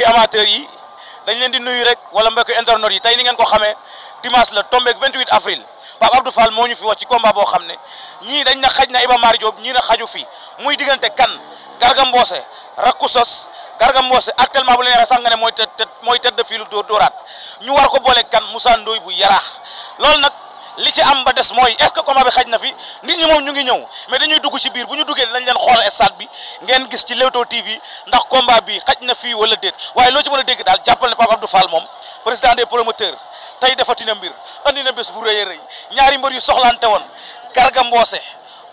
mbokki amateurs yi dañ leen di nuyu rek wala mbokki internautes yi tey ni ngeen ko xamee dimanche la tombé 28 avril Pape Abdou Fall moo ñu fi wax ci combat boo xam ne ñii dañ na xaj na Iba Mar Diop ñii na xaju fi muy diggante kan Garga Mbossé rakku sos Garga Mbossé actuellement bu la neexee sax nga ne mooy tête mooy tête de file dóoraat ñu war ko booleeg kan Moussa Ndoye bu yaraax loolu nag. li ci am ba des mooy est-ce que combat bi xaj na fi nit ñi moom ñu ngi ñëw mais dañuy dugg ci biir bu ñu duggee dinañ leen xool stade bi ngeen gis ci Leewtoo TV ndax combat bi xaj na fii wala déet waaye loo ci mën a dégg daal jàppal ne Pape Abdou Fall moom président tey defati na mbir andi na bés bu rëy a rëy ñaari mbër yu soxlante woon Garga Mbossé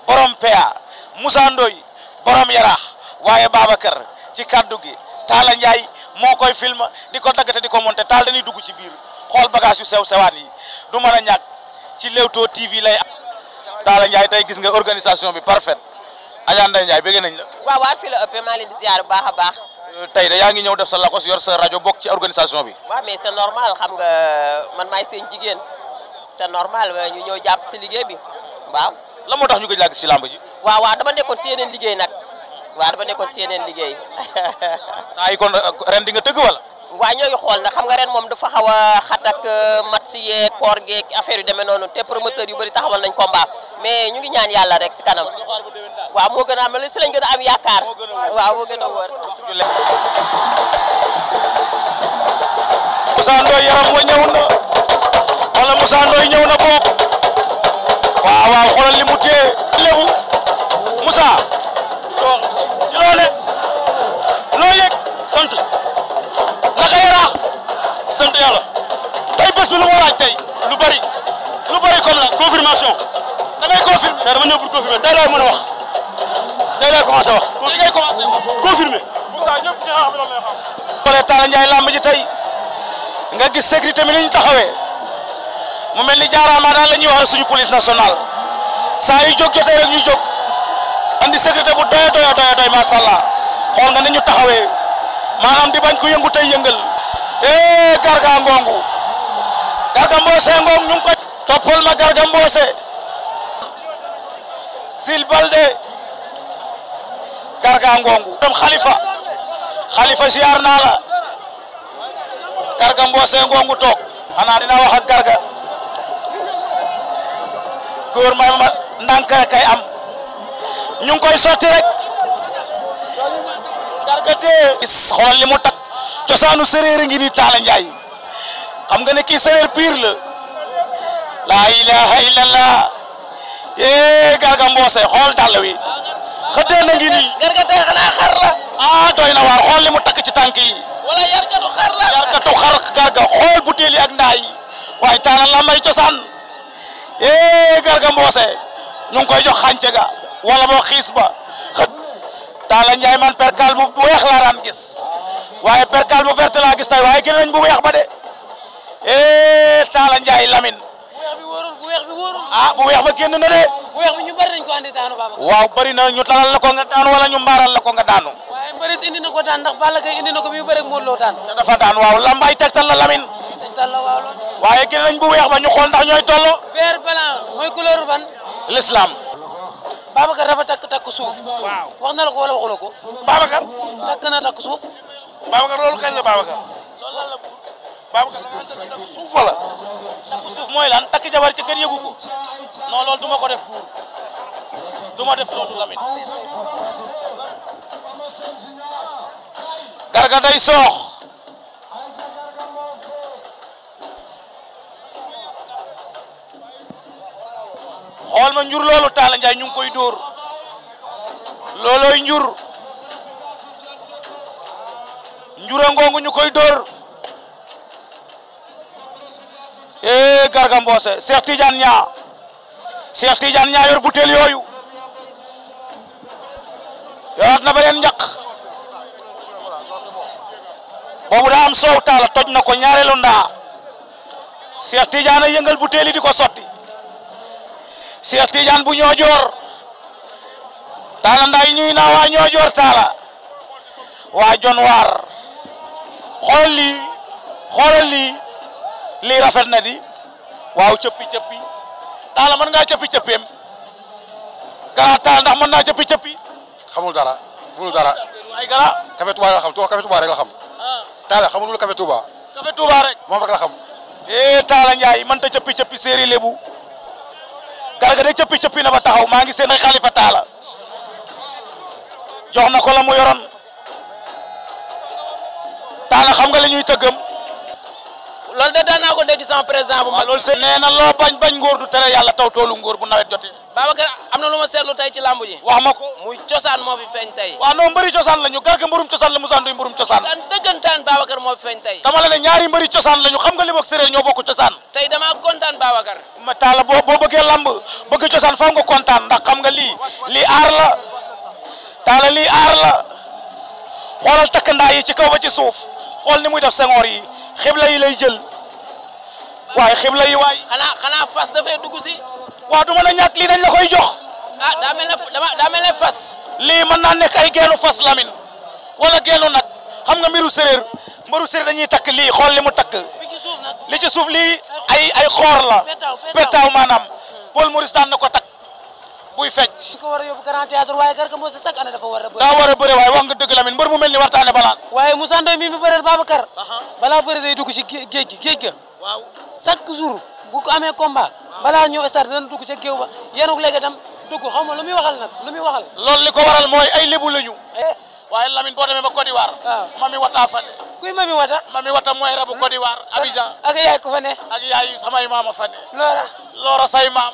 borom PA Moussa Ndoye borom yaraax waaye Babacar ci kaddu gi Talla Ndiaye moo koy film di ko dagg te di ko monté taal dañuy dugg ci biir xool bagage yu sew sewaan yi du mën a ñàkk ci Leewtoo TV lay Talla Ndiaye tey gis nga organisation bi parfaite Adja Ndeye Ndiaye bëgg nañ la waaw waa fii la ëppee maa leen di ziar bu baax a baax euh, tey da yaa ngi ñëw def sa lakos yor sa rajo bokk ci organisation bi waaw mais c'est normal xam nga man maay seen jigéen c'est normal ñu ñëw jàpp si liggéey bi waaw la moo tax ñu gëj laa gis si làmb ji waaw waaw dama nekkoon si yeneen liggéey nag waaw dama nekkoon si yeneen liggéey taa yi kon ren di nga tëgg wala waaw ñooyu xool na xam nga ren moom dafa xaw a xat ak euh, match koor geeg affaire yu deme noonu te promoteur yu bëri taxawal nañ combat mais ñu ngi ñaan yàlla rek si kanam waa moo gën a am si lañ gën a am yaakaar waaw moo gën a wóor Moussa Ndoye ñëw na boog waaw waaw xoolal li mu téye soo ci loole loo yëg sant sant yàlla tey bés bi lu ma laaj tey lu bari lu bari comme la confirmation da ngay confirmer ñëw pour confirmer tey laay mën a wax tey laay commencé wax. tey wax confirmer. Moussa ñëpp ci xam loolu lay xam. ji tey nga gis sécurité mi ni ñu taxawee mu mel ni jaaraama daal la ñuy wax suñu police nationale saa yu jóg jotee rek ñu jóg andi sécurité bu doyoo doyoo xool nga ni ñu taxawee maanaam di bañ ko yëngu tey ee eh, Garga Ngongu Garga Mbossé Ngong ñu ngi ko Garga Mbossé Jules Baldé Garga Ngongu dem Khalifa Khalifa ziar Garga Mbossé Ngongu toog xanaa dina wax Garga góor ma ndànk kay am ñu ngi Garga tee xool li mu takk cosaanu séréer a ngi ni Taala Njaay xam nga ne kii séréer pire la laa ilaha ee garga mboose xool dàll wi xëddee na ngi ni garga tey ah, na waar xool li mu takk ci tànk yi wala yarkatu xar garga xool butéel ak ndaa yi Taala la cosaan ee garga mboose ñu ngi jox xànce ga wala boo xiis ba xët Taala Njaay man perkal bu weex laa daan waaye percal bu verte laa gis tay waaye gën nañ bu weex ba de eh Talla Ndiaye Lamine. bu weex bi wóorul weex bi wóorul. ah bu ba génn na de. ñu bari nañ ko andi daanu Babacar. waaw bari na ñu talal la ko nga daanu wala ñu mbaaral la ko daanu. waaye bëri indi na ko daan ndax Balla Gaye indi ko bi mu bëri ak Modou Lo dafa daan waaw lambay tegtal la Lamine. tegtal la waaw loolu. waaye gën nañ bu weex ba ñu xool ndax ñooy tolloo. vert blanc mooy couleur fan. l'islam. Babacar dafa takk takk suuf. waaw wax la ko wala waxu la ko. Babacar suuf Babacar loolu kañ la Babacar. loolu lan la bëgg. Babacar da ngaa takk suuf wala. takk suuf mooy lan takk jabar ci kër yëgu ko. non loolu du ko def buur du def loolu tamit. garga day soox. xool ma njur loolu Talla Ndiaye ñu koy dóor. loolooy njur. njura ngongu ñu koy dóor ee eh, Garga Mbossé Cheikh Tidiane Niang Cheikh Tidiane yor butéel yooyu yoraat na beneen ñaq boobu daa soow taala toj na ko ñaareelu ndaa Cheikh Tidiane a yëngal butéel yi di ko sotti Cheikh Tidiane bu ñoojoor taala ndaa yi ñuy naa waa ñoojoor taala waa jonwaar xoolal lii lii rafet na di waaw cëppi cëppi daal mën ngaa cappi cëppeem gara taal ndax mën naa cëppi cëppi xamul dara bulu dara ay gara café touba xam to café rek la xam ah. taala xamul lu café touba café touba rek moom rek la xam eh taala njaay mën ta cëppi cëppi séeri lébu gar ga de cëppi na ba taxaw maa ngi seen xalifa taala jox na ko la mu taala xam nga li ñuy tëggam. loolu de daan naa ko dégg sama président bu mag. Ah, loolu seen na loo bañ bañ ngóor du tere yàlla taw toolu ngóor bu nawet jotee. Babacar am na lu ma seetlu tey ci lamb ji. wax ma ko muy cosaan moo fi feeñ tey. waaw non mbëri cosaan lañu garga mbërum cosaan la Moussa Ndoye mbërum cosaan. cosaan dëggantaan Babacar moo fi feeñ tey. dama la ñaari mbëri cosaan lañu xam nga li bokk ñoo bokk cosaan. tey damaa kontaan Babacar. ma taala boo boo bëggee lamb bëgg cosaan faaw nga kontaan ndax xam nga lii lii aar la taala lii aar yi ci kaw ci suuf xool ni muy def sengoor yi xibla yi lay jël waaye xibla yi waay. xanaa xanaa fas dafay dugg si. waaw du ma la ñàkk lii dañ la koy jox. ah daa mel ne daa mel fas. lii mën naa nekk ay geenu fas lamin wala geenu nag xam nga mbiru séréer mbiru séréer dañuy takk lii xool li mu takk. li ci suuf lii ay ay xoor la. petaaw petaaw maanaam Paul Maurice daan na ko takk. buy fecc ko war a yóbbu Grand Théâtre waaye Garga Mbossé chaque année dafa war a bëre daa war a bëre waaye wax nga dëgg Lamine mbër mu mel ni waxtaane balance waaye Moussa Ndoye mi mu bëreel Babacar balaa bëre day dugg ci géej gi géej ga waaw chaque jour bu ko amee combat balaa ñëw stade dana dugg ca géew ba yenuk léegi dem dugg xaw ma lu muy waxal nag lu muy waxal loolu li ko waral mooy ay lébu lañu eh. waaye Lamine boo demee ba Côte d'Ivoire mami wataa fa ne kuy mami wata mami wata mooy rabu Côte d'Ivoire eh. Abidjan ak yaay ku fa ne ak yaay samay maama fa ne loora loora say maam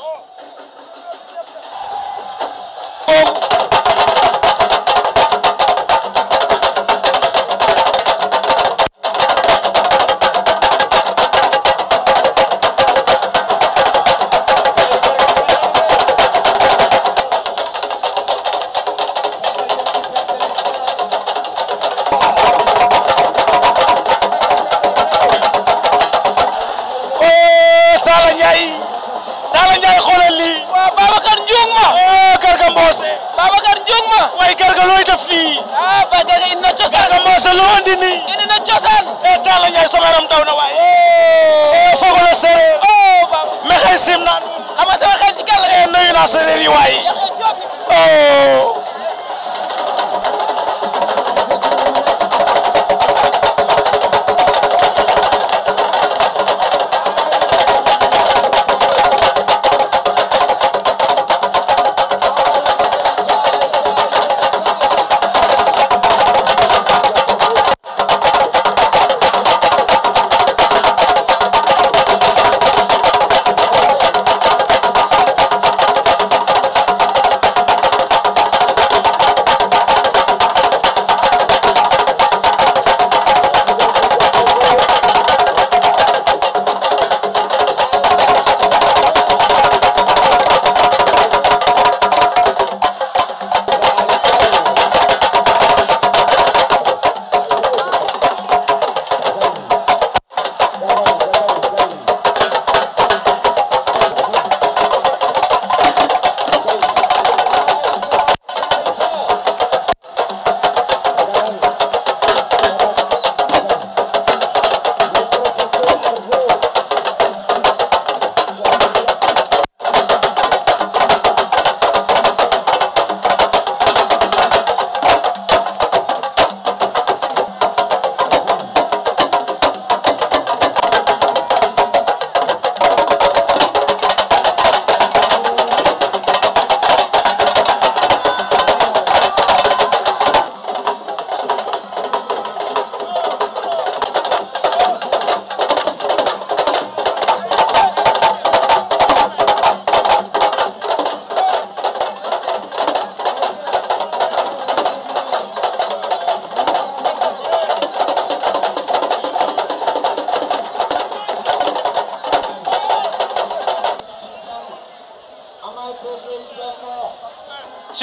def nii. ah Baye Dada indi na cosaan Kaka Mbossé lu andi nii. indi na cosaan. eh Talla na waaye. eh, eh foog la séeréer. oh Ba. ma xëy sim naa. xam nga sama xel eh, yi waaye. oh.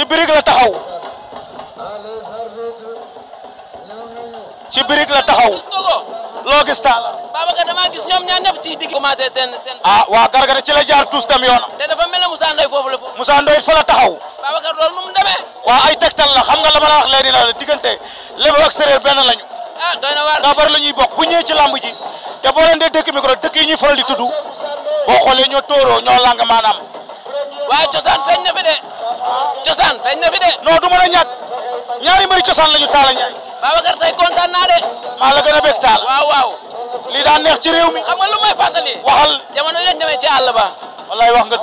ci birig la taxaw ci birig la taxaw loo gis taala Babacar dama gis ñoom ñaar ñëpp ci digg commencé seen seen ah waa Garga ci la jaar tous tam yoon te dafa mel ne Moussa Ndoye la foofu Moussa Ndoye fa la taxaw Babacar loolu nu mu demee waa ay tegtal la xam nga la ma la wax diggante lébu ak séréer benn lañu ah doy na waar daa bari ñuy bokk bu ñëwee ci lamb ji te boo leen dee mi micro dëkk yi ñuy faral di tudd boo xoolee ñoo tóoroo ñoo lang maanaam waaye cosaan feeñ na fi de cosaan feeñ na fi de non du mën a ñàkk ñaari mbëri cosaan la ñu taal a ñaay Babacar tey kontaan naa de maa la gën a bég taal waaw waaw lii daa neex ci réew mi xam nga lu may fàttali waxal jamono yéen demee ci àll ba wallaay wax nga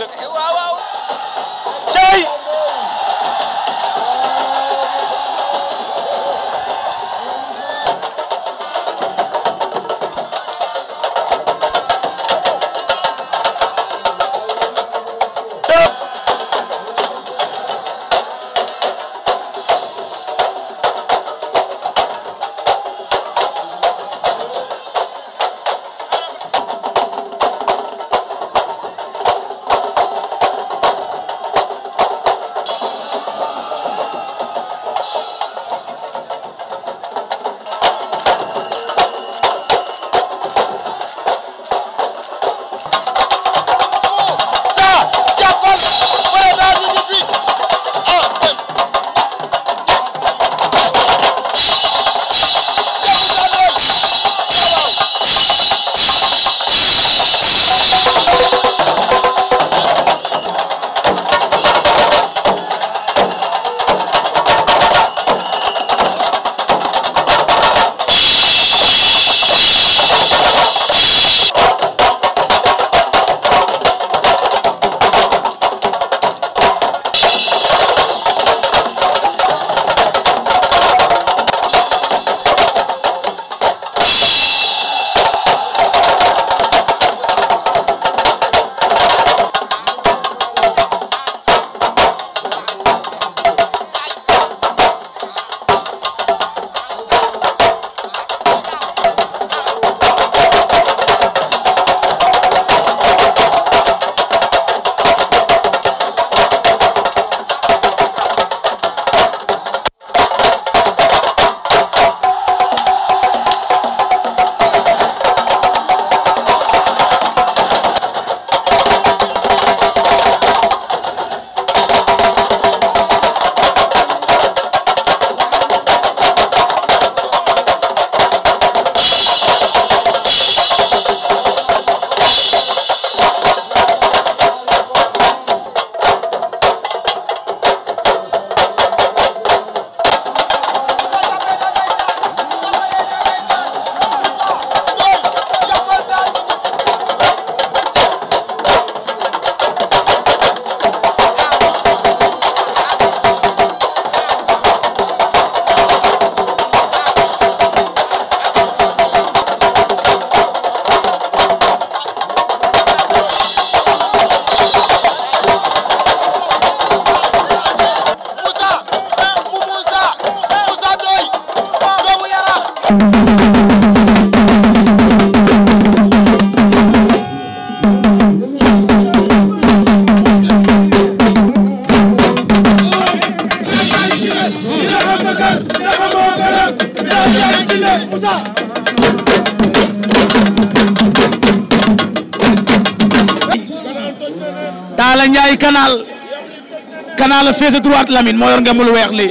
la féete droite Lamine moo yor ngeen lu weex li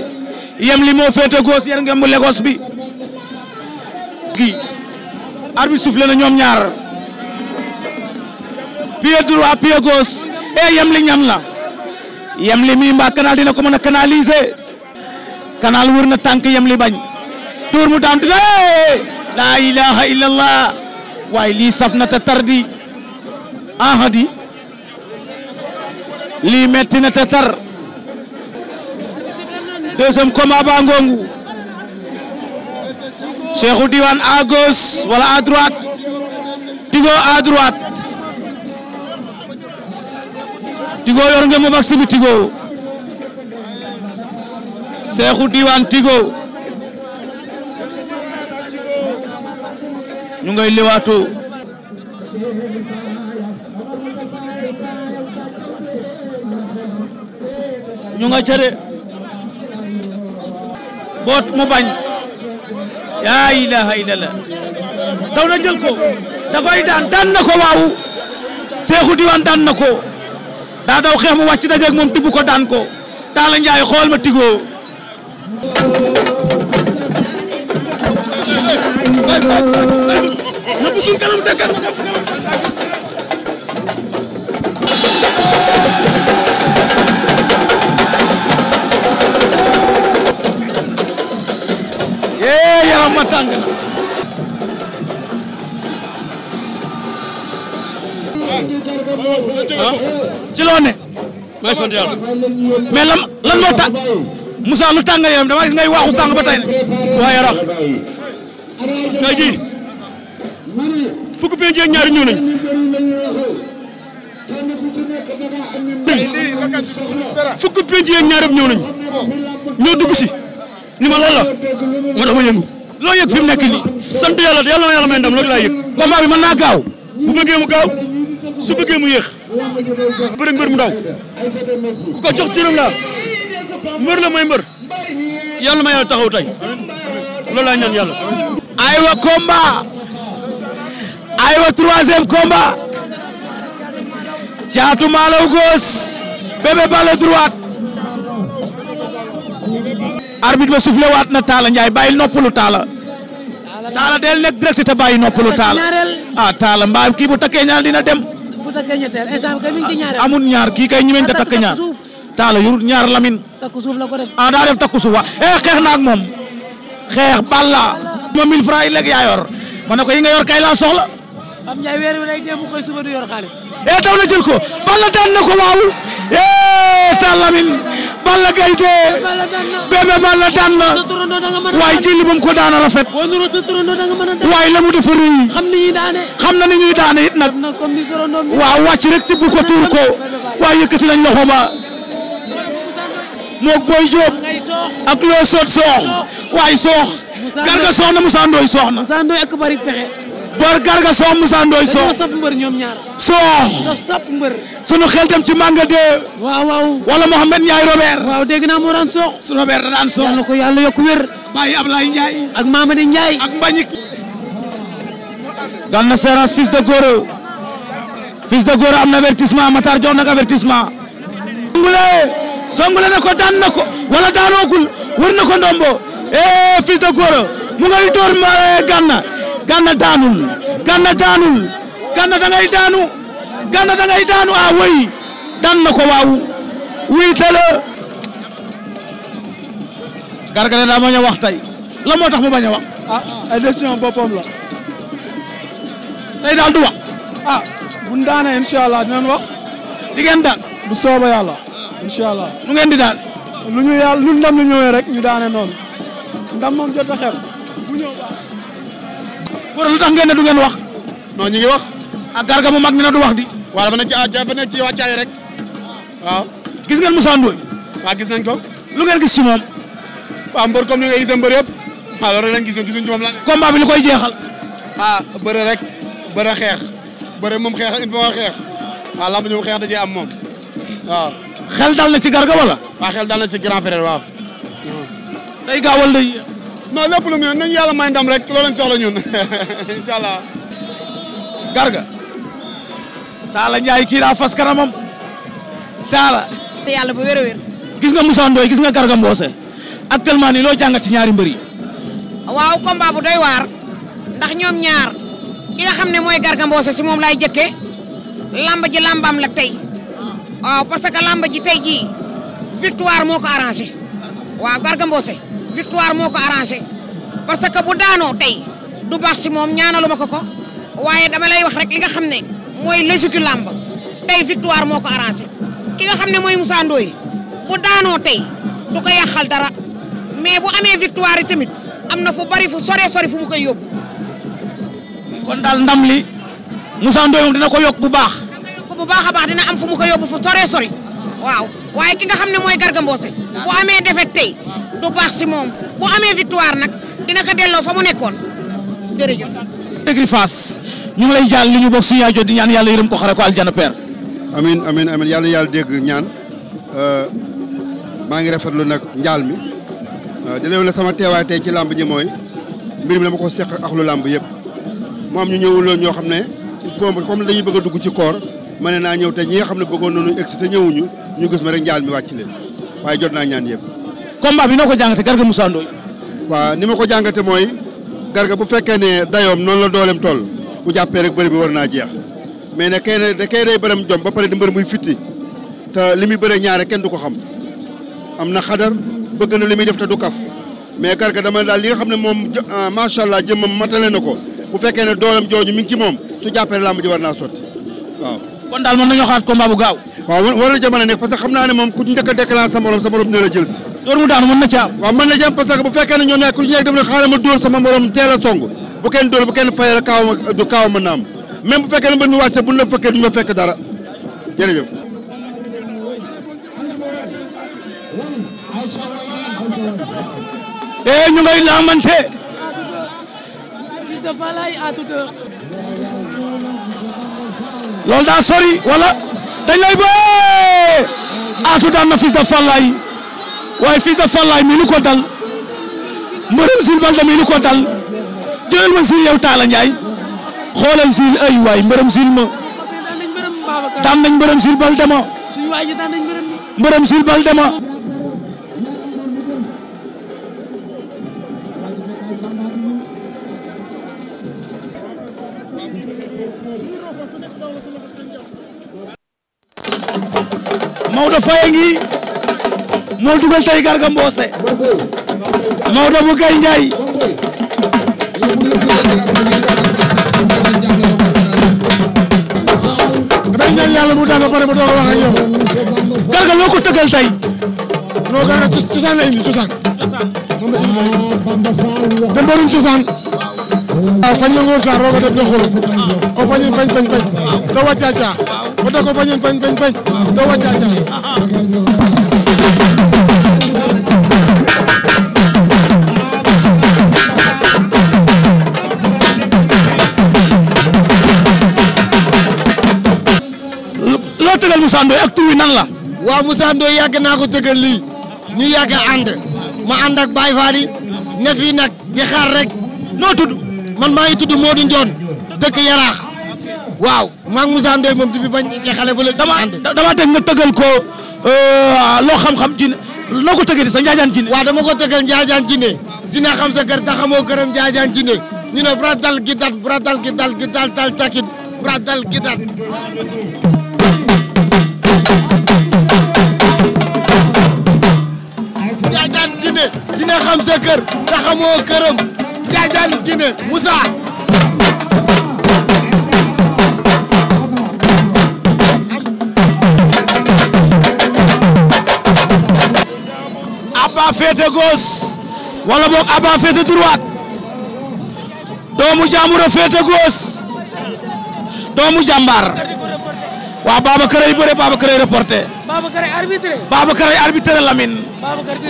yem li moo féete gauche yor ngeen bu bi kii na ñoom ñaar pied droit pied gauche e yem li ñam la yem li dina ko mën a canaliser canal wër na tànk bañ tuur mu daan dina eh! laa ilaha illallah waaye lii saf na te tardi ahadi lii metti na deuxième combat ba ngongu Cheikhou Diwane diwaan gauche wala à droite Tigo à droite Tigo yor ngeen ma vaccin bi Tigo Cheikhou ñu ngay lewaatoo ñu boot mu bañ yaa ilaha illallah daw na jël ko da daan daan ko waaw seexu diwaan daan na ko daa daw xeex mu wàcc dajeeg moom tibb ko daan ko Talla Ndiaye xool ma tigoo naaw ma tàng na. Ah, ci loo ne. mais lan lan moo tàng Moussa lu tàng yaram ngay waaxu sàng ba tey de. waaye rax tey ñaari ñëw nañu. fukki penc ak ñëw nañu. ñoo dugg ni ma lan la moo tax yëngu. loo yëg fi mu nekk nii. sant yàlla de yàlla ma yàlla may ndam loolu laa yëg. combat bi mën naa gaaw. bu bëggee mu gaaw su bëggee mu yéex. bëri mu ndaw. ku ko jox cëram laa. mbër la may mbër. yàlla ma yàlla taxaw tey. loolu laa ñaan yàlla. aywa combat. aywa troisième combat. Caatu Malaw gauche Bébé Balla droite. arbitre ba soufflé waat na Talla Ndiaye bàyyil noppalu Talla. Talla del nekk direct te bàyyi noppalu Talla ah Talla mbaa kii bu takkee ñaar dina dem. bu takkee ñetteel instant kay mi ngi ci ñaareel. amul ñaar kii kay ñemeñ te takk ñaar Talla yorut ñaar lamin. a la ko def ah daa def takku suuf wa eh xeex na moom. xeex balla ma 1000 francs yi léegi yaa yor ma ko yi nga kay laa soxla. Pape Ndiaye weer wi lay dem mu xëy suba du yor xaalis. eh na jël ko Balla daan na ko waaw eh Talamin Balla Gaye de bébé Balla daan na waaye jëli ba mu ko daan rafet waaye la mu dafa xam na ni ñuy daane it nag waaw wàcc rek tibb ko tuur ko waaye yëkkati nañ loxo ba moog Boy Diop ak loo soot soox waaye soox garga soox na Moussa Ndoye soox na boor Garga Soox Moussa Ndoye Soox dañoo saf mbër ñoom ñaar. Soox saf ci manga de. waaw waaw wala Mouhamed Ndiaye Robert. waaw dégg naa moo daan Soox. da daan Soox. yàlla ko yàlla yokk wér. Baye Ablaye ak Mamadi Ndiaye. ak Mbagnick. daan na séerans fils de Goro. fils de Goro am na avertissement Matar jox na ko avertissement. songule songule ko daan na ko wala daanoogul wër na ko ndombo. eh fils de Goro mu ngay door ma gànna. Gana daanul Gana daanul Gana da ngay daanu Gana da daanu ah oui daan na ko waaw wuy tële. Garga ne bañ a wax tey la moo tax mu bañ a wax. ah ay décision boppam la. tey daal du wax. ah bu ñu daanee incha allah dinañ wax. di ngeen daan. bu sooba yàlla. incha allah nu ngeen di daan. lu ñu yàlla lu ndam la ñëwee rek ñu daane noonu. ndam moom jot a xew. góor lu tax du ngeen wax. non ñu wax. ah garga mu mag ne na du wax di. waaw dama ne ci ah dafa ne ci wàccaay rek waaw. gis ngeen Moussa Ndoye. waaw gis nañ ko. lu ngeen gis ci moom. waaw mbër comme ni nga gisee mbër yëpp. waaw loolu lañ gisoon gisuñ ci moom lan. combat bi lu koy jeexal. ah bëre rek bëre xeex bëre moom xeex il faut xeex waaw lamb ñoom xeex da cee am moom waaw. xel dal na ci garga wala. waaw xel dal na ci grand frère waaw. tey gaawal day. non lépp lu mu yoon nañu yàlla may ndam rek loolu lañ soxla ñun incha Garga. Talla Ndiaye kii daa fas kanamam. Talla. te yàlla bu wér gis nga Moussa Ndoye gis nga Garga Mbossé actuellement nii loo jàngat ci ñaari mbër yi. waaw combat bu doy waar. ndax ñoom ñaar ki nga xam ne mooy Garga Mbossé si moom laay jëkkee lamb ji lambam la tey waaw parce que lamb ji tey jii victoire moo ko arrangé waaw Garga Mbossé victoire moo ko arrangé parce que bu daanoo tey du baax si moom ñaanalu ma ko ko waaye dama lay wax rek li nga xam ne mooy logique làmb tey victoire moo ko arrangé ki nga xam ne mooy Moussa Ndoye bu daanoo tey du ko yàqal dara mais bu amee victoire yi tamit am na fu bari fu soree sori fu mu koy yóbbu. kon daal ndam li Moussa moom dina ko yokk bu baax. dina ko yokk bu baax a baax dina am fu mu koy yóbbu fu sore sori waaw. waaye ki nga xam ne mooy Garga Mbossé bu amee défaite tey du baax si moom bu amee victoire nag dina ko delloo fa mu nekkoon jërëjëf. Écurie Fass ñu ngi lay jàll li ñu bokk suñu yaay jot di ñaan yàlla yërëm ko xare ko aljana père. amiin amiin amiin yàlla yàlla dégg ñaan euh, maa ngi rafetlu nag njaal mi euh, di leen sama teewaay tey ci làmb ji mooy mbir mi dama ko seq ak lu làmb yëpp moom am ñu ñëwuloo ñoo xam ne il faut comme dañuy bëgg a dugg ci koor. ma naa ñëw te ñi nga xam ne bëggoon nañu excité ñëwuñu ñu gis ma rek njaal mi wàcc leen waaye jot naa ñaan yëpp. combat bi noo ko jàngate Garga Moussa Ndoye. waaw ni ma ko jàngate mooy Garga bu fekkee ne dayoom noonu la dooleem toll bu jàppee rek bëri bi war naa jeex mais ne kay da kay day bëram jom ba pare di mbër muy fitti te li muy bëree ñaare kenn du ko xam am na xadar bëgg na li muy def te du kaf mais Garga dama daal li nga xam ne moom ah, macha allah jëmmam matale na ko bu fekkee ne dooleem jooju mi ngi ci moom su jàppee lamb ji war naa sotti waaw. kon daal mën nañoo xaat combat bu gaaw. waaw war na jamono nekk parce que xam ne moom ku njëkk a déclenché sa morom sa morom dina la jël mu daanu mën na ci waaw mën na ci am parce que bu ñoom ñaar ku ci nekk ne xaaral ma sama morom teel a bu kenn dóor bu kenn fayal kaaw ma naam même bu fekkee ne mbir mi wàcce bu la fekkee dara jërëjëf. eh ñu ngay loolu daa sori wala dañ lay bëree aatu daan na Fils de Falaye waaye Fils de Falaye mi lu ko dal mbërëm Jules Baldé mi lu ko ma Jules yow Talla Ndiaye xoolal Jules ay waay mbërëm Jules ma daan nañ mbërëm Jules Baldé ma mbërëm Jules Baldé ma Maodo Faye ngi moo dugal tey Garga Mbossé Maodo bu Gaye Ndiaye dañ ñaan yàlla mu daan ba pare mu door a wax ak yow Garga ko tëggal tey noo Garga cosaan la indi cosaan moom ah, la indi da saar roog a def nga o fañin fañ fañ fañ te wàccaa ko fañin fañ fañ fañ loo tëgal Moussa Ndoye ak tuuti nan la. waaw Moussa Ndoye yàgg naa ko tëgal lii ñu yàgg a ànd ma ànd ak Baye Fadi ne fii nag di xaar rek noo tudd man maa ngi tudd Modou Ndione dëkk Yaraax waaw maa ngi Moussa moom depuis bañ ci xale ba léegi. dama dama dégg nga tëgal ko. Euh, loo xam-xam jinne noo ko tëggati sa njaajaan jinne waaw dama ko tëggal njaajaan jinne dina xam sa kër ta xamoo jinne ñu ne bra dal gi dat bra dal gi dal gi dal xam sa kër ta xamoo jinne Moussa Aba féete gauche wala boog Aba doomu jàmbur a féete gauche doomu jàmbaar waaw Babacar ay bëre Babacar ay reporté. Babacar di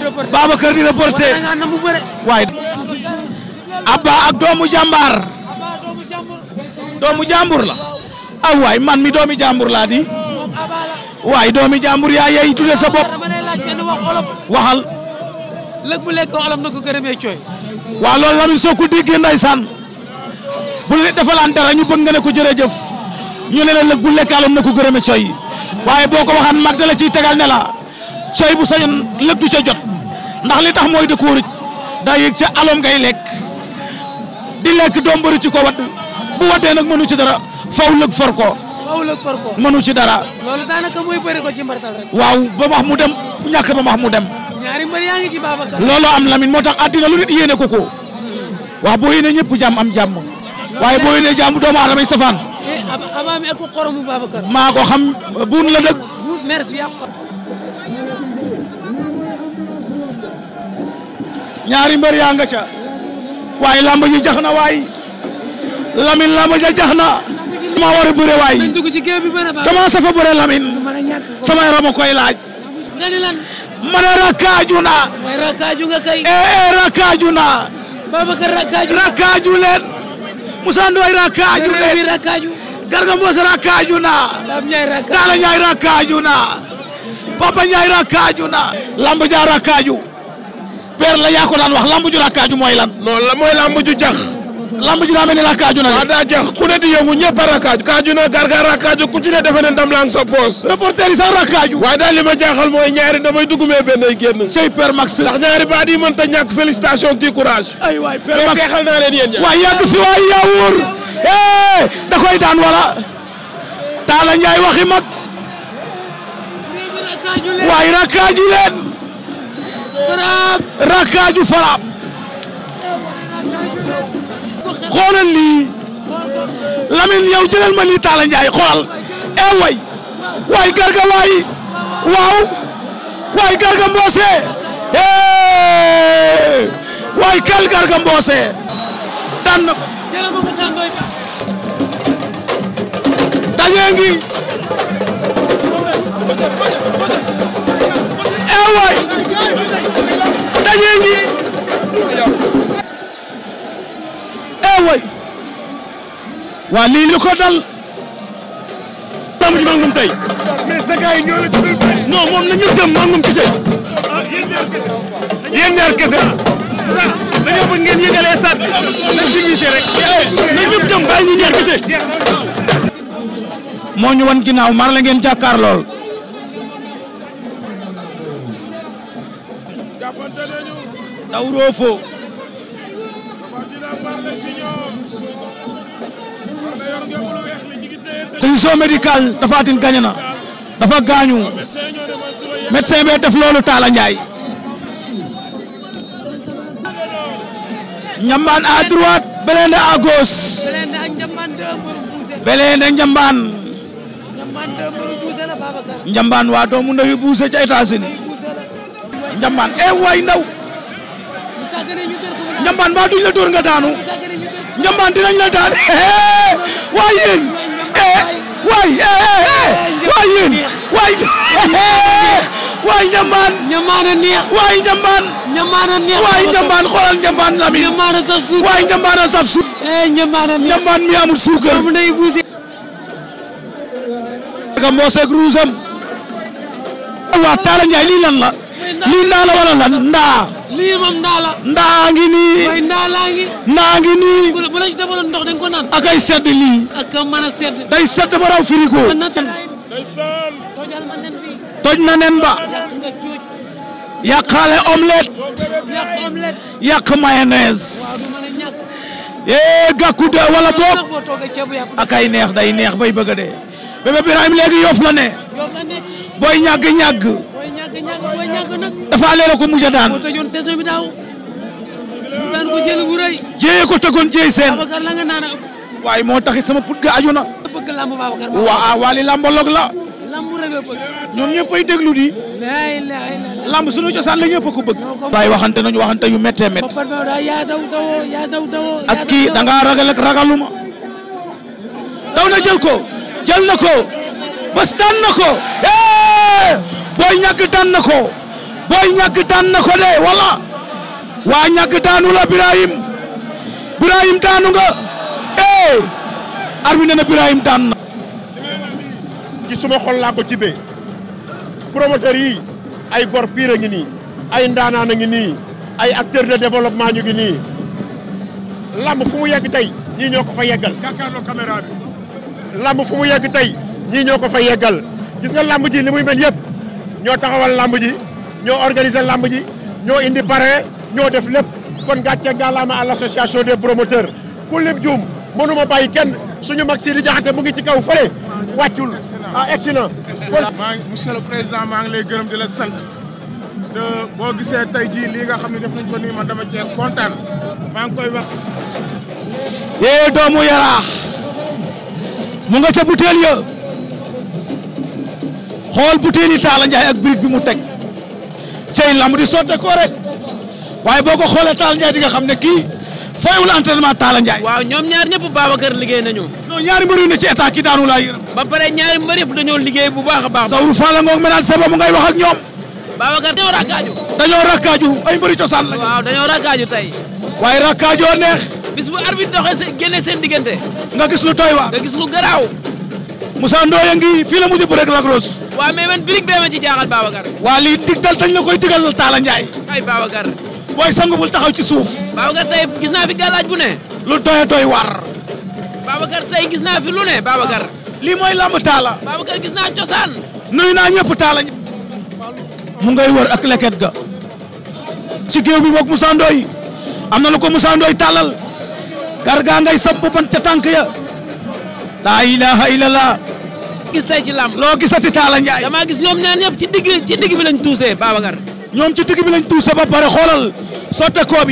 reporté Babacar di ak doomu jàmbaar. doomu jàmbur la. ah man mi doomi jàmbur laa di. waay doomi jàmbur yaa yey tudde sa waxal. lëg bu lekk alam na ko gërëmee cooy. waaw loolu Lamine soo ko déggee ndeysaan bu la defalaan dara ñu bëgg nga ne ko jërëjëf ñu ne la lëg bu lekk alam na ko gërëmee cooy waaye boo ko waxaan mag da la ciy tegal ne la bu sañoon lëg du ca jot ndax li tax mooy di koo rëcc daa yëg ca alom ngay lekk di lekk doom bëri ci ko wadd bu waddee nag mënu ci dara faw lëg for ko. waaw lëg for ko mënu ci dara. loolu daanaka muy ci mbartal rek. waaw ba max mu dem ñàkk ba max mu dem. ñaari mbër yaa am Lamine moo tax àddina lu nit yéene ko ko waaw boo yéene ñëpp jàmm am jàmm waaye boo yéene jàmm doomu aadama safaan. Eh, avant ko xam buun la dëgg. ñaari mbër yaa nga ca waaye lamb ji jax na waay Lamine lamb ja jax na dama a bëre waay safa bëre Lamine sama yaram a koy laaj nga ni mana rakkaaju naa. waaye rakkaaju nga kay. ee eh, eh, rakkaaju naa. Babacar rakkaaju. rakkaaju leen. Moussa Garga Mbossé rakkaaju naa. Lam Ndiaye rakkaaju naa. Talla Ndiaye rakkaaju naa. Papa Lamb ja rakkaaju. Père la yaa ko wax lamb ju rakkaaju mooy lan. mooy lamb ju jax. lamb ji daa ni la kaaju na di yëngu ñëpp a rakkaaju kaaju na gargar rakkaaju ku ci ne defe ne ndam sa poos reporter yi sax rakkaaju waaye daal li ma jaaxal mooy ñaari damay dugg benn ay génn cey père ndax ñaari baat yi mën ñàkk félicitation ak di courage seexal naa leen yéen ñaar waay yàgg fi waay yaa wóor eh da koy daan wala taala njaay waxi mag waay rakkaaju leen rakkaaju faraab xoolal lii Lamine yow jëlal ma lii Talla Ndiaye xoolal eh way Garga waay waaw waay Garga Mbossé eh. waay kal Garga Mbossé daan na ko daje waa lii lu ko dal. mangum tey. mais sa ñoo la tuddul bëri. non moom la ñu dem mangum kese. Ah, ñaar kese. sax dañoo ngeen yëgalee sànni. nañ si rek. Eh, eh, nañ ñëpp dem ñu ñaar kese. moo ñu wan ginnaaw mar la ngeen jàkkaar lool. dawroo décision médicale Tapha Tine gañe na dafa gaañu médecin bee def loolu Talla Njambaan à droite Belende à gauche Belende Njambaan Njambaan waa doomu buuse ca États-Unis Njambaan eh waay ndaw Njambaan ba duñ nga daanu Njambaan dinañ la daan eh waay waay waay yéen waay waay njambaan njambaan a neex waay njambaan njambaan a neex waay njambaan xoolal njambaan lami njambaan a saf suukar waay njambaan a saf suukar eh njambaan a neex njambaan mi amul suukar mu nay buuse ga mbooseeg ruusam waa Talla Ndiaye lii lan la lii ndaa la wala lan ndaa. ngi nii. ndaa laa ngi. ndaa ngi nii. bu la ndox dañ ko naan. ak ay sedd lii. ak mën a day sedd ba raw frigo. toj na nen ba. yàqaale omelette. yàq omelette. yàq mayonnaise. ee eh, gàkku de wala boog ak neex day neex bay bëgg a dee. Bébé Birahim léegi Yoff la ne. Boy ñàgg dafa leela ko mujj daan. moo tëjoon saison bi ko jël bu ko tëggoon jéey seen. Babacar a ëpp. waaye moo taxit sama put ga aju na. bëgg lamb Babacar. waaw waa li lambaloog la. lamb rek la bëgg. ñoom ñëpp ay déglu di. laay laay lamb sunu cosaan la ñëpp a ko bëgg. waaye waxante nañu waxante yu méttee métt. ak kii da ragaluma. daw na jël ko jël na ko bas daan na ko. booy ñàkk daan na ko booy ñàkk daan na ko de wala waa ñàkk daanu la Birahim Birahim daanu nga eh armi ne na na. ci suma xol laa ko cibee promoteur yi ay gor pire a ngi nii ay ndaanaan a ngi ay acteurs de développement ñu ngi nii lamb fu mu yegg tey ñii ñoo ko fa yeggal. jàkkaarloo caméra lamb fu mu yegg tey ñii ñoo ko fa yeggal gis nga lamb ji li muy mel yëpp. ñoo taxawal lamb ji ñoo organiser lamb ji ñoo indi pare ñoo def lépp kon gàcce gàllaama à l' association des promoteurs ku lim juum mënuma bàyyi kenn suñu mag si di jaxate mu ngi ci kaw fële wàccul ah excellent maa ngi monsieur le président maa ngi lay gërëm di la sant te boo gisee tey jii lii nga xam ne def nañ ko nii man dama cee kontaan maa ngi koy wax yee doomu yaraax mu nga ca butéel ya xool butéeli Talla Ndiaye ak brique bi mu teg cey lamb di sotte ko rek waaye boo ko xoolee Talla Ndiaye nga xam ne kii fayul entraînement Talla Ndiaye. waaw ñoom ñaar ñëpp Babacar liggéey nañu. non ñaari mbër yu ne ci état ki daanu laa yërëm. ba pare ñaari mbër yëpp dañoo liggéey bu baax a baax. Sawru Fall ngoog ma naan Saba mu ngay wax ak ñoom. Babacar dañoo rakkaaju. dañoo rakkaaju ay mbëri cosaan lañu. waaw dañoo rakkaaju tey. waaye rakkaajoo neex. bis bu arbitre doxee seen génne seen diggante. nga gis tooy waa. nga gis lu garaaw. Moussa Ndoye ngi fii la mujj bu rek Lac waaw mais man bee ma ci jaaxal waa lii digtal tañ la koy digalal Talla Ndiaye. ay booy sangu bul taxaw ci suuf. Babacar gis naa fi gàllaaj bu ne. lu doy doy war. Babacar tey gis naa fi lu ne Babacar. mooy lamb Talla. Babacar gis naa cosaan. nuyu naa ñëpp Talla. mu ngay wër ak leket ga. ci géew bi moog Moussa Ndoye am na lu ko Moussa Ndoye tàllal. garga ngay samp ban ca tànk ya. laa ilaha illallah. gis tey ci làmb loo gisati Talla Ndiaye damaa gis ñoom ñaan ñëpp ci digg ci digg bi lañ tuusee Babacar ñoom ci digg bi lañ tuusee ba pare xoolal sotte koob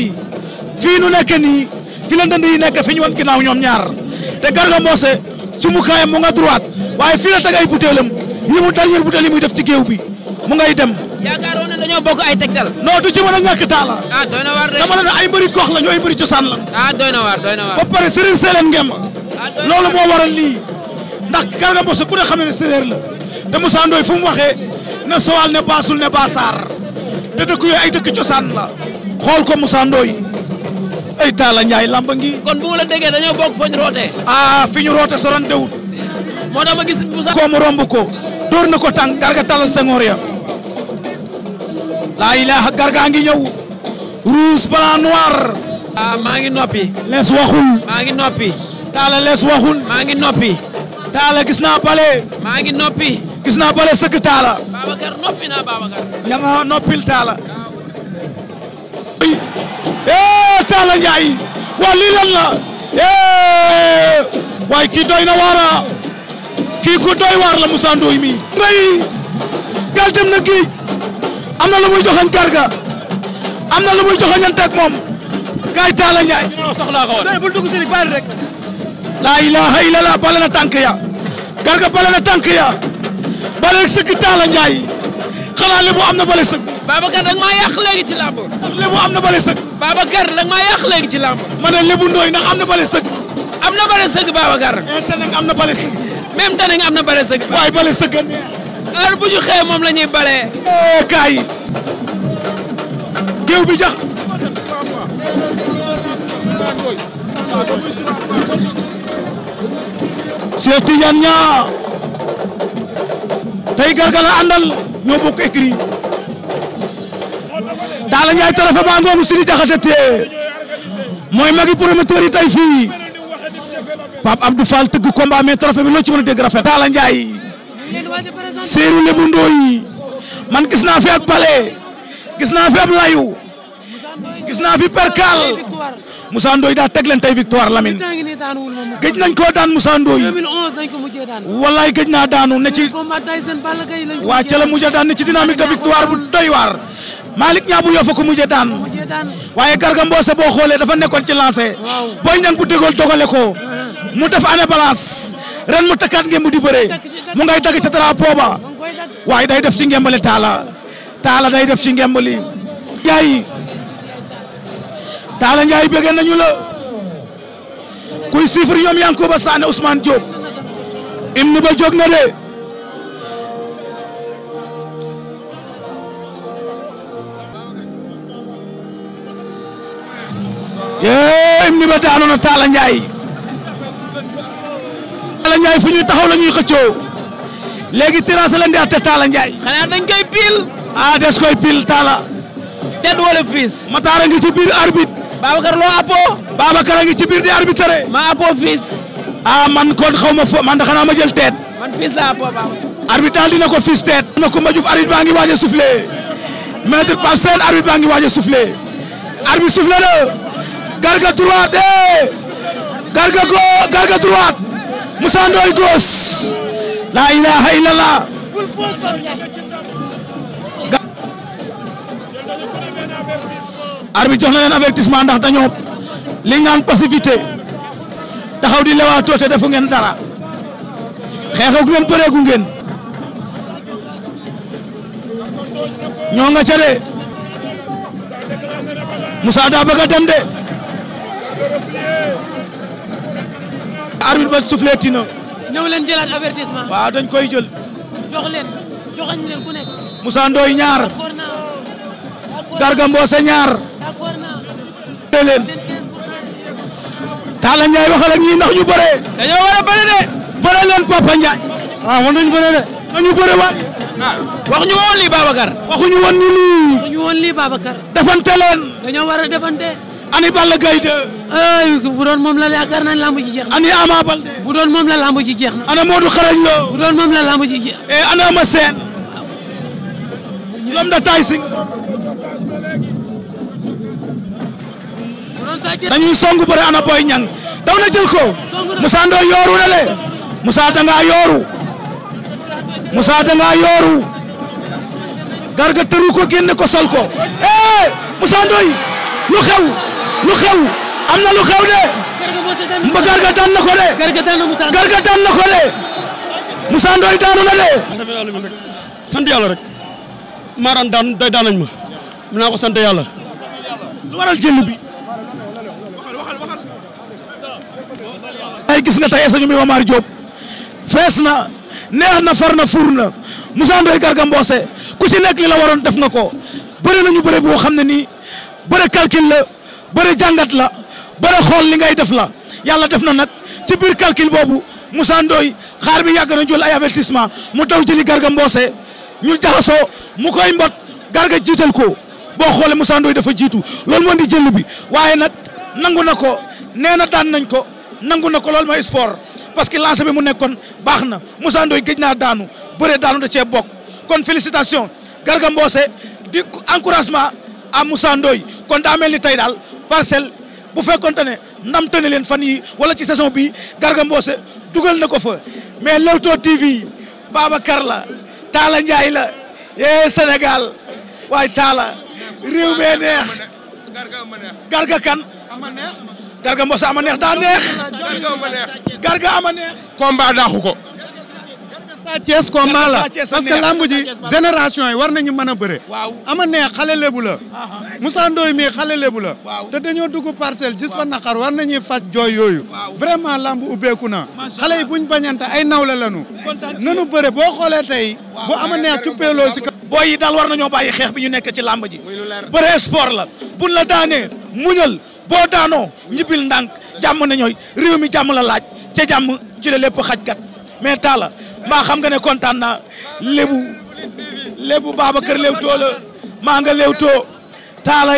fii nu nekk nii fi la ndënd yi nekk fi ñoom ñaar te Garga Mbossé su mu mu nga droite waaye fii la teg butéelam yi mu dernier butéel yi muy def ci géew bi mu ngay dem yaakaaroon ne dañoo bokk ay tegtal non du ci mën a ah, na waar de dama la ne ay mbëri gox la ay mbëri cosaan la ah, ba pare Serigne Sélène ngem ah, loolu moo waral lii ndax Garga Mbossé ku ne xam ne séeréer la te Moussa Ndoye fu mu waxee ne Sowal ne Baasul ne Baasaar te dëkk yooyu ay dëkk cosaan la xool ko Moussa Ndoye ay Talla Ndiaye lamba ngi. kon bu ma la déggee dañoo bokk fa ñu rootee. Ah fi ñu rootee soron dewut. moo tax gis Moussa. koo mu romb ko dóor na ko tànk Garga talal sengoor ya laa ilaaha Garga ñëw. rouge blanc noir. Ah, maa ngi noppi. lees waxul. maa ngi noppi. lees waxul. maa ngi noppi. taala gis naa bale. maa ngi noppi. gis naa bale sëkk taala. Babacar noppi naa Babacar. yaa nga noppil taala. eh taala Ndiaye. waa lii la. eh waaye kii doy na waara. kii doy waar la Moussa Ndoye mi. rëy gal na géej. am na lu muy joxañ am na lu muy joxañante ak moom. kaay taala Ndiaye. bul dugg si rek rek. laa ilaaha illallah bale na tànk ya Garga bale na tànk ya bale na sëkk Talla Ndiaye xanaa lébu am na bale sëkk. Babacar da nga maa yàq léegi ci làmb. ndax am na bale sëkk. Babacar da nga maa yàq léegi ci làmb. ma ne lébu ndooy ndax am na bale sëkk. am na bale sëkk Babacar. même Taneg am na bale sëkk. même Taneg am na bale sëkk. waay bale sëkk heure bu ñu moom la ñuy balee. Eh, kaay. géew bi jax. Cheikh Tidiane Niang tey Garga la àndal ñoo bokk écrit Talla Ndiaye tarafa ba ngoomu Sidi Jaxate tee mooy magi promoteur yi tey fii Pape Abdou Fall tëgg combat mais trophée bi loo mën a rafet Talla Ndiaye lebu ndooy man gis naa fi ak bale gis naa fi ab layu gis naa fi perkal Moussa Ndoye daa teg leen tey victoire Lamine gëj nañ koo daan Moussa Ndoye wallaay gëj naa daanu ne ci waa ca la mujj daan ne ci dynamique de victoire bu doy waar Malick Niang bu Yoff ko mujj daan waaye Garga Mbossé boo xoolee dafa nekkoon ci lancé Boy Niang bu dégool dogale ko uh-huh. mu def année balance ren mu takkaat ngeen mu di bëree mu ngay dagg ca drapeau ba waaye day def ci ngembali taala taala day def ci ngembali yaay Talla Ndiaye bëgg nañu la kuy siifir ñoom Yankuba Sané Ousmane Diop hymne ba jóg na de yee hymne ba daanu na Talla fu ñuy taxaw la ñuy xëccoo léegi terrasse la ndi atte Talla Ndiaye xanaa dañ koy pile ah des koy pile Talla dead wala fils ci biir arbitre Babacar loo appoo. Babacar a ngi ci biir di arbitré. ma appoo fils. ah man ko xaw ma fo man da xanaa ma jël teet. man fils la appoo Babacar. arbitre dina ko fils teet. na ko ma Diouf arbitre baa ngi waaj a soufflé maître Pape baa ngi waaj a soufflé. arbitre soufflé garga droite eh. garga go garga droite. Moussa Ndoye gauche. la ilaha illallah. arbitre jox na leen avertissement ndax dañoo li ngaan passivité taxaw di lewaatoo te defu ngeen dara xeexagu ngeen bëreegu ngeen ñoo nga ca de Moussa daa bëgg a dem de arbitre ba soufflé tina ñëw leen jëlaat avertissement waaw dañ koy jël jox leen joxañ leen ku nekk ñaar Garga ñaar bëre leen Talla Ndiaye waxal ak ñii ñu bëree. dañoo war a bëri de. bëre leen Papa Ndiaye. ah war nañu bëre de. nañu bëre waat. Ah, waxuñu woon lii Babacar. waxuñu woon ni lii. waxuñu woon lii Babacar. defante a defante. ani Balla Gaye de. ay bu doon moom la yaakaar nañ lamb ji jeex na. ani Ama Baldé. bu doon moom la lamb ji jeex na. ana Modou Xarañ Lo. bu doon moom la lamb ji jeex. et eh, ana Ama Sène. ñoom da dañuy songu bëre ana Boy Niang daw na jël ko Moussa Ndoye yooru na le Moussa da ngaa yooru Moussa da ngaa yooru Garga tëru ko génne ko sol ko eh Moussa Ndoye lu xew lu xew am na lu xew de mba Garga daan na ko de Garga daan daanu na de sant rek maa daan daan day daan naa ko sant yàlla ay gis nga tey sañu mi Mamar Diop fees na neex na far na fuur na Moussa Ndoye Garga ku si nekk li la waroon def nga ko bëri nañu bëri boo xam ne nii bëri calcul la bëri jàngat la bëri xool li ngay def la yàlla def na nag si biir calcul boobu Moussa Ndoye xaar bi yàgg na jël ay avertissement mu taw jëli Garga Mbossé ñu jaxasoo mu koy mbot Garga jiital ko boo xoolee Moussa dafa jiitu loolu moo di jël bi waaye nag nangu na ko nee na daan nañ ko. nangu na ko loolu ma sport parce que lancé bi mu nekkoon baax na Moussa Ndoye géej naa daanu bëree daanu da cee bokk kon félicitation Garga Mbossé di encouragement à Moussa kon daa mel ni tey daal parcelle bu fekkonte ne ndam tëne leen fan yi wala ci saison bi Garga Mbossé dugal na ko fa mais Leewtoo TV Babacar la Talla Ndiaye la yee Sénégal waaye Talla réew mee neex Garga kan garga mbosa ama neex daa neex. garga ama neex garga ama neex. combat ko. Sa la parce que lamb ji génération yi war nañu mën a bëre. waaw ama neex xale lébu la. Moussa Ndoye mii xale lébu la. te dañoo dugg parcelle gis fa naqar war nañuy faj jooy yooyu. vraiment lamb ubbeeku na. xale yi buñ bañante ay nawle lañu. nanu bëre boo xoolee tey. bu ama neex cuppeeloo si. booy yi daal war nañoo bàyyi xeex bi ñu nekke ci lamb ji. bëre sport la buñ la daanee muñal. boo daanoo ñibbil ndànk jàmm na ñooy réew mi jàmm la laaj ca jàmm ci la lépp xajkat mais taala maa xam nga ne kontaan naa lébu lébu Babacar léewtoo la maa nga léewtoo taala